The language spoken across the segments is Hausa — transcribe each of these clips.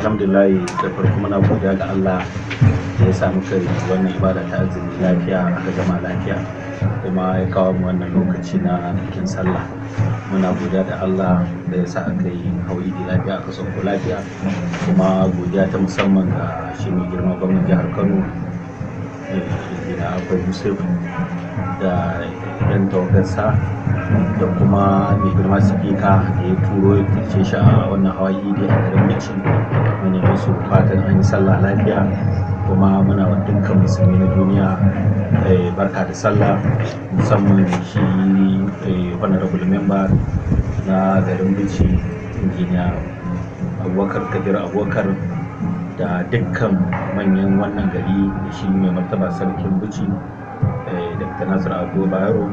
alhamdulillah da farko muna godiya ga Allah da ya samu kai wannan ibada ta azumi lafiya aka gama lafiya kuma ya kawo mu wannan lokaci na bikin sallah muna godiya da Allah da ya sa aka yi hauyi da lafiya aka sauko lafiya kuma godiya ta musamman ga shi mai girma gwamnan jihar Kano eh, da akwai yusuf da yan tawagarsa da kuma mai girma sifika da ya turo ya kirce shi a wannan hawa da a garin bauchi yi musu fatan an yi sallah lafiya kuma muna wa dukkan musulmi na duniya eh, barka da sallah musamman shi eh, honorable memba na garin bauchi injiniya abubakar kabir abubakar da dukkan manyan wannan gari da shi mai martaba sarkin buci eh, dr nasir ado bayero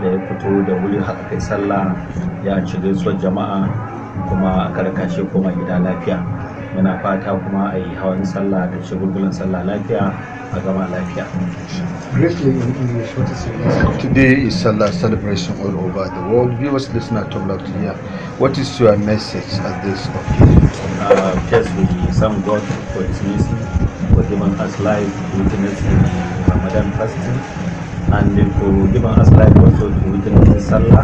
da ya fito da wuri haka kai sallah ya ci gaisuwar jama'a kuma aka karkashe kuma koma gida lafiya muna fata kuma a yi hawan sallah da shagulgulan sallah lafiya a gama lafiya briefly in English, what is your message? Today is Salah celebration all over the world. Viewers, listeners, to love to hear. What is your message at this occasion? Uh, just we thank God for His mercy, for giving us life, witness Ramadan fasting, and for giving us life also to witness Salah.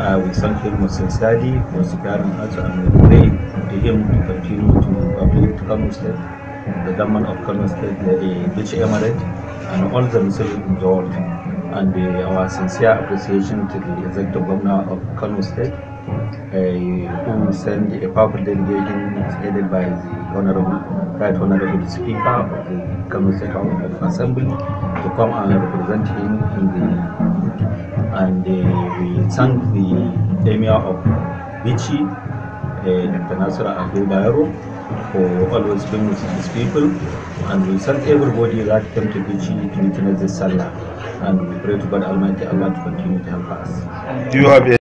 Uh, we thank Him most sincerely for securing us, and we pray to Him to continue to, uplift, to come to the government of Kano State, the Emirate, and all the Muslims involved. And our sincere appreciation to the Executive Governor of Kano State, uh, who sent a powerful delegation headed by the Honorable, Right Honorable Speaker of the Kano State House of Assembly to come and represent him in the and uh, we thank the Emir of Vichy Eh, Dr. Nasir Abdul Bayero for always being with his people. And we thank everybody that came to Bichi to witness this Salah. And we pray to God Almighty Allah to continue to help us. Do you have a